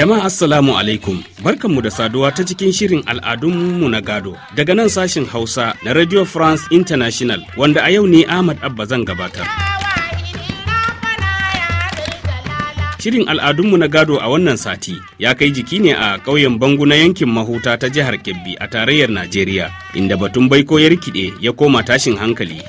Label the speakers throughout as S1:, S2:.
S1: Jama'a Assalamu alaikum, barkanmu da saduwa ta cikin shirin al'adunmu na gado daga nan sashin Hausa na Radio France International wanda a yau ne Ahmad Abba zan gabatar. Shirin al'adunmu na gado a wannan sati ya kai jiki ne a ƙauyen Bangu na yankin mahuta ta jihar Kebbi a tarayyar Najeriya, inda batun baiko ya rikide ya koma tashin hankali.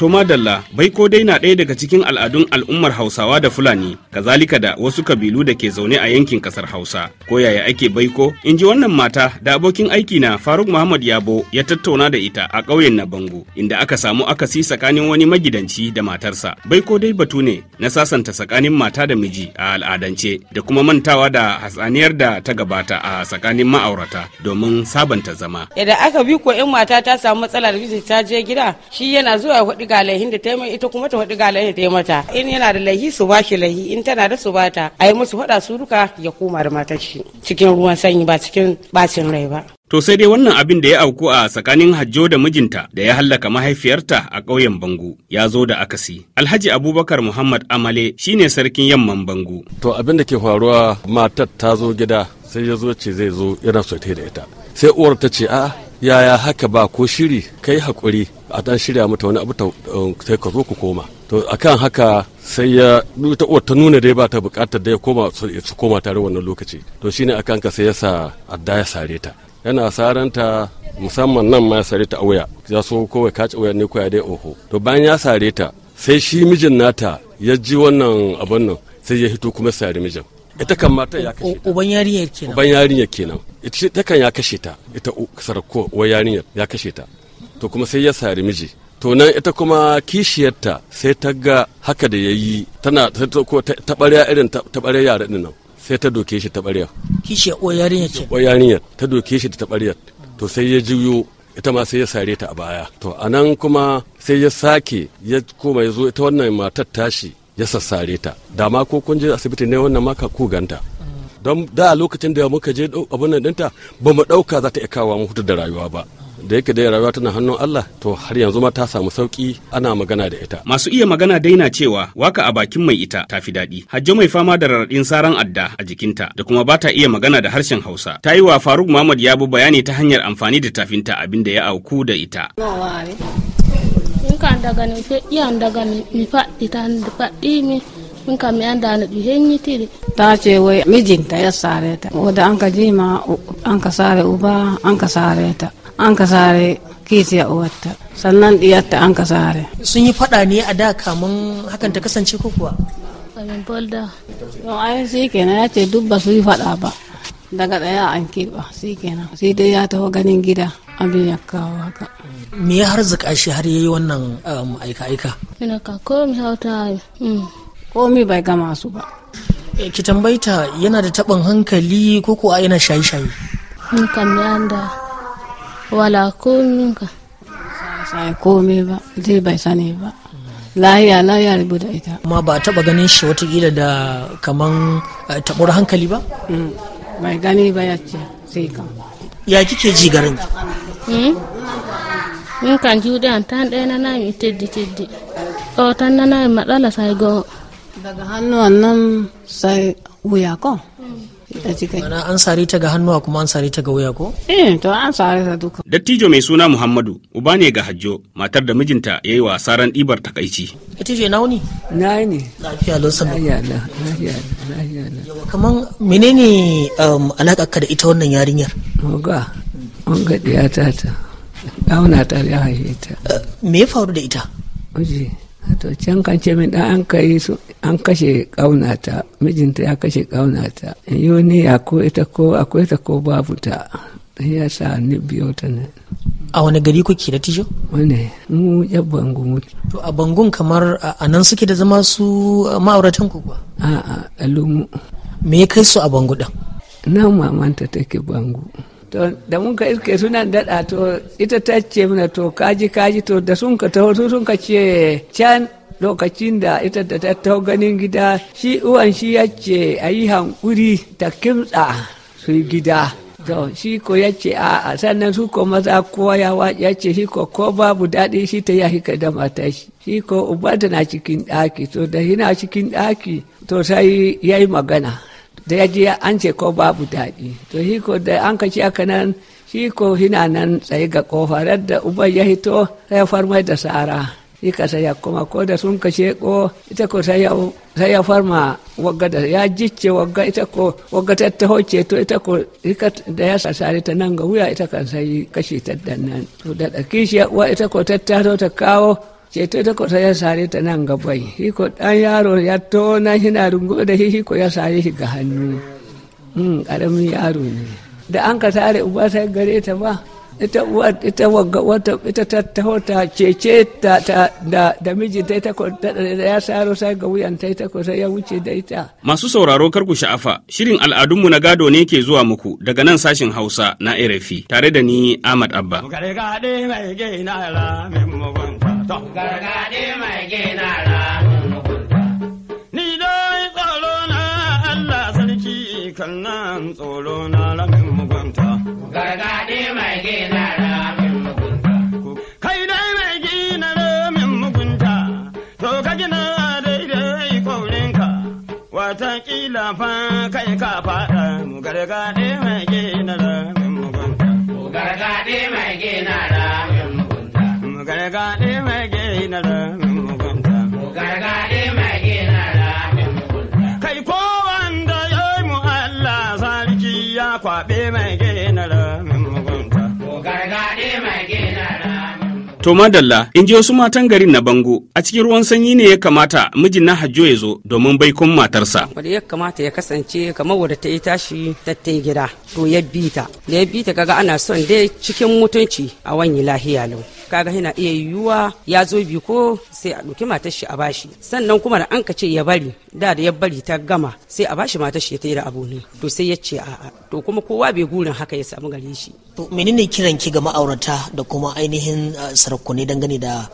S1: To madalla, ko dai na ɗaya daga cikin al'adun al'ummar Hausawa da Fulani, kazalika da wasu kabilu da ke zaune a yankin kasar Hausa. Ko yaya ake baiko? In ji wannan mata da abokin aiki na Faruk Muhammad Yabo ya tattauna da ita a ƙauyen na Bango, inda aka samu akasi tsakanin wani magidanci da matarsa. Baiko dai batu ne na sasanta tsakanin mata da miji a al'adance da kuma mantawa da hatsaniyar da ta gabata a tsakanin ma'aurata domin sabanta zama.
S2: Idan aka bi ko in mata ta samu matsala da ta je gida, shi yana zuwa ga laihin da ta mai ita kuma ta faɗi ga laihin da ta mata in yana da laihi su ba shi laihi in tana da su bata a yi musu faɗa su duka ya koma da mata shi cikin ruwan sanyi ba cikin bacin rai ba.
S1: To sai dai wannan abin da ya auku a tsakanin Hajjo da mijinta da ya hallaka mahaifiyarta a ƙauyen Bangu ya zo da akasi. Alhaji Abubakar Muhammad Amale shine sarkin yamman
S3: Bangu. To abin da ke faruwa matar ta zo gida sai ya zo ce zai zo yana so da ita. Sai uwar ta ce a yaya haka ba ko shiri kai hakuri a dan shirya mata wani abu um, sai ka zo ku koma to akan haka sai ya ta uwar ta nuna dai ba ta bukatar da ya koma su koma tare wannan lokaci to shine akan ka sai ya sa adda ya sare ta yana saranta musamman nan ma ya sare ta a waya ya so kawai kaci wayar ne koya dai oho to bayan ya sare ta sai shi mijin nata ya ji wannan abin nan sai ya hito kuma sare mijin ita kan mata ya kashe ta uban yarinyar kenan uban yarinyar kenan ita ta kan ya kashe ta ita ko wa yarinyar ya kashe ta to kuma sai ya sari miji to nan ita kuma kishiyarta sai ta ga haka da ya yi tana ta barya irin ta barya yara din nan sai ta doke shi ta barya kishiyar uwar yarinya ce uwar yarinya ta doke shi ta barya to sai ya juyo ita ma sai ya sare ta a baya to a nan kuma sai ya sake ya koma ya zo ita wannan matar tashi ya sassare ta da ma ko kun je asibiti ne wannan maka ku ganta don da lokacin da muka je abun nan dinta ba mu ɗauka za ta iya kawo mu hutu da rayuwa ba da yake da rayuwa tana hannun Allah to har yanzu ma ta samu sauki ana magana da ita. Masu iya magana daina cewa waka a bakin mai ita ta fi daɗi. Hajjo mai
S1: fama da raɗin saran adda a jikinta da kuma ba ta iya magana da harshen Hausa. Ta yi wa Faruk Muhammad Yabo bayani ta hanyar amfani da tafinta abin da ya auku da ita.
S2: nka daga ni fe iya daga mi faɗi ta faɗi mi in ka mi anda na ɗi hen
S4: Ta ce wai mijinta ya sareta. ta wadda an ka ji an ka sare uba an ka sare an ka sare kisiya uwarta sannan ɗiyarta an ka sare.
S2: Sun yi faɗa ne a da kamun hakan ta kasance ko kuwa? Kamin bolda. Don ayin shi kenan ya ce duk ba su yi faɗa ba. Daga ɗaya an keɓa shi kenan.
S4: Sai dai ya taho ganin gida. abin ya kawo haka
S2: me ya harzuka shi har yayi wannan um, aika-aika ina ka komi hauta mm, komi bai gama su ba eh, ki tambaita yana da taɓin hankali ko ko yana shaye-shaye in kam da wala komi ka sai komi ba
S4: zai bai sani ba lahiya lahiya rubu da ita
S2: amma ba taɓa ganin shi watakila da kaman eh, taɓar hankali ba mm, bai gani ba ya ce sai kam ya kike ji garin min hmm? kan juuɗe an tan ɗenanayi mi teddi teddi o tan nanayi maɗala say goo daga hannu an nan sai wuya ko hmm. mana an sari ta ga hannuwa kuma an sari ta ga wuya ko? Eh, to an sare ta duka.
S1: Dattijo mai suna Muhammadu, uba ne ga Hajjo, matar da mijinta ya yi wa saran ɗibar takaici.
S2: Dattijo na wuni? Na yi ne. Lafiya lo sama. Lafiya la, lafiya la, lafiya la. Kaman menene alaƙa um, alaƙa da ita wannan yarinyar? ga
S4: wanga ɗiyata ta ɗauna ta ya haife ta uh,
S2: me ya faru da ita
S4: uji to can kan ce min dan an kai su an kashe ƙaunata mijinta ya kashe ƙaunata yoni ya ko ita ko akwai ta ko babu ta
S2: ya sa ni biyo ta ne a wani gari kuke da tijo wane mu ya bangu to a bangun kamar a nan suke da zama su ma'auratan ku kuwa a a alumu me ya kai su a bangu din nan mamanta take bangu to
S4: da mun ka iske sunan daɗa to ita ta ce mana to kaji kaji to da sun ka taho su sun ka ce can lokacin da ita da ta taho ganin gida shi uwan shi ya ce a yi hankuri ta kimtsa su gida to shi ko ya ce a sannan su ko maza kowa ya ya ce shi ko ko babu daɗi shi ta ya hika da mata shi shi ko uba na cikin ɗaki to da yana cikin ɗaki to sai ya yi magana da ya ji an ce ko babu daɗi to shi ko da an kaci aka nan shi ko hina nan tsaye ga kofa da uban ya hito sai ya farmai da sara shi ka saya kuma ko da sun kashe ko ita ko sai ya farma wagga da ya jicce wagga ita ko wagga ta ta hoce to ita ko da ya sasare ta nan ga wuya ita kan sai kashe ta nan to da kishi wa ita ko ta ta kawo ce ta kwata ya sare ta nan gabai hiko dan yaro ya tona hina rungo da hiko ya sare shi ga hannu karamin hmm, yaro ne da an ka sare uba ta gare ta ba ita ita wagga wata ita ta ta cece ta da da mijinta ta ko ya saro sai ga wuyan ta ta ko sai ya wuce da ita
S1: masu sauraro kar ku sha'afa shirin al'adunmu na gado ne ke zuwa muku daga nan sashin Hausa na RFI tare da ni Ahmad Abba Gargaɗi mai gina Ni dai tsoro na Allah sarki kan nan tsoro na mugunta. mai gina mai gina min mugunta, to ka gina daidai watakila fa kai ka faɗa mu mai gina mugunta. mai gina To madalla, in ji wasu matan garin na bango, a cikin ruwan sanyi ne ya kamata mijin na hajjo ya zo domin baikon matarsa. wani
S4: ya kamata ya kasance kamar wadda ta yi tashi ta gida, to ya bi ta. Da ya bi ta kaga ana son dai cikin mutunci a wani lahiya lau. kaga yana iya yiwuwa ya zo bi ko sai a ɗauki matar shi a bashi sannan kuma da an ka ce ya bari da da ya bari ta gama sai a bashi matar shi ta yi da abu ne to sai ya ce a'a to kuma kowa bai gurin haka ya samu gare shi
S2: menene kiran ki ga ma'aurata da kuma ainihin ah, masarar ne dangane da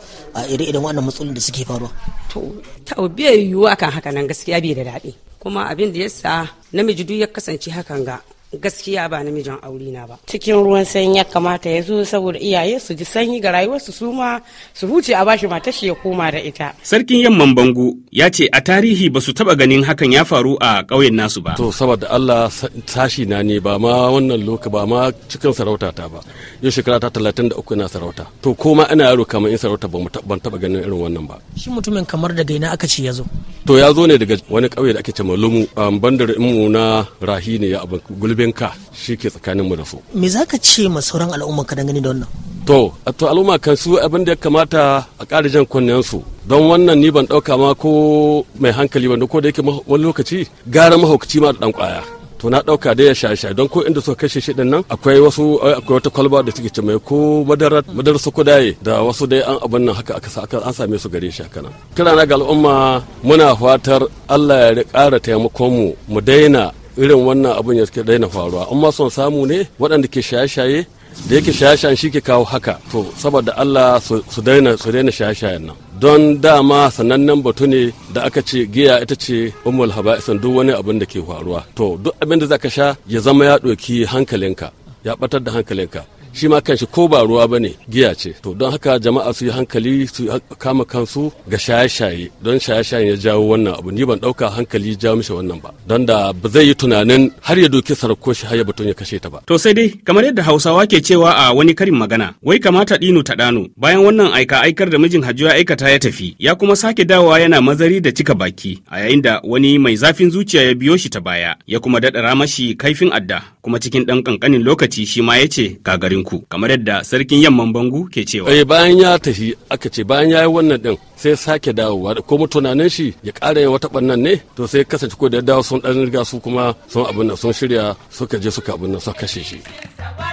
S2: ire-iren wannan matsalolin da suke faruwa to bai yiwuwa
S4: kan haka nan gaskiya bai da daɗi kuma
S2: abin da yasa namiji duk ya kasance hakan ga gaskiya ba namijin aure na ba cikin ruwan sanyi ya kamata ya zo saboda iyaye su ji sanyi ga rayuwar su ma su huce a bashi matar shi ya koma da ita
S1: sarkin yamman bango ya ce a tarihi ba su taba ganin hakan ya faru
S3: a ƙauyen nasu ba to saboda Allah sashi na ne ba ma wannan loka ba ma cikin sarauta ta ba yau shekara ta 33 ina sarauta to koma ina yaro kamar in sarauta ban taba ganin irin wannan ba
S2: shi mutumin kamar daga ina aka ce ya zo
S3: to ya zo ne daga wani ƙauye da ake ce lumu bandar mu na rahi ne ya abin gulbinka shi ke tsakaninmu da su
S2: me za ka ce ma sauran al'umma ka dangane da wannan
S3: to a to al'umma kan su abin da ya kamata a ƙara jan kunnen su don wannan ni ban ɗauka ma ko mai hankali ba ko da yake wani lokaci gara mahaukaci ma da ɗan ƙwaya to na dauka da ya shaye-shaye don ko inda suka kashe shi din nan akwai wasu eh, akwai wata kwalba da suke ce ko madarar madarar su kudaye da wasu dai an abin nan haka aka aka an same su gare shi haka nan kira na ga al'umma muna fatar Allah ya kara taimakon mu mu daina irin wannan abin ya daina faruwa amma son samu ne waɗanda ke shaye-shaye da yake shaye-shayen shi ke kawo haka to saboda Allah su daina su daina shaye-shayen nan don dama sanannen batu ne da aka ce giya ita ce umul haba'isan duk wani abin da ke faruwa to duk abin da za sha ya zama ya ɗauki hankalinka ya batar da hankalinka shi ma kanshi ko ba ruwa ba ne giya ce to don haka jama'a su yi hankali su kama kansu ga shaye-shaye don shaye-shaye ya jawo wannan abu ni ban ɗauka hankali jawo mishi wannan ba don da ba zai yi tunanin har ya doki sarko shi har ya batun ya kashe ta ba. to sai dai kamar yadda
S1: hausawa ke cewa a wani karin magana wai kamata ɗinu ta ɗano bayan wannan aika aikar da mijin hajjuwa aikata ya tafi ya kuma sake dawowa yana mazari da cika baki a yayin da wani mai zafin zuciya ya biyo shi ta baya ya kuma daɗa ramashi kaifin adda kuma cikin ɗan ƙanƙanin lokaci lokaci shi ma ya ce gagarinku kamar yadda sarkin yamman bangu ke cewa.
S3: Eh bayan ya tafi aka ce bayan ya yi wannan din sai sake dawowa da mu tunanin shi ya ƙara yin wata ɓannan ne to sai kasance ko da dawo sun ɗan riga su kuma sun abin nan sun shirya suka je suka abin nan suka kashe shi.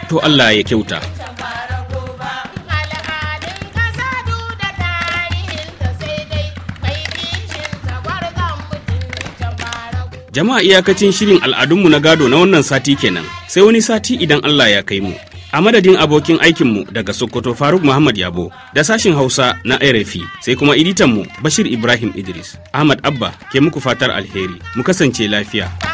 S3: To Allah ya kyauta.
S1: Jama'a iyakacin shirin al'adunmu na gado na wannan sati kenan, sai wani sati idan Allah ya kai mu. A madadin abokin aikinmu daga Sokoto Faruk Muhammad Yabo da sashin Hausa na RFI sai kuma editanmu Bashir Ibrahim Idris. Ahmad Abba ke muku fatar alheri, mu kasance lafiya.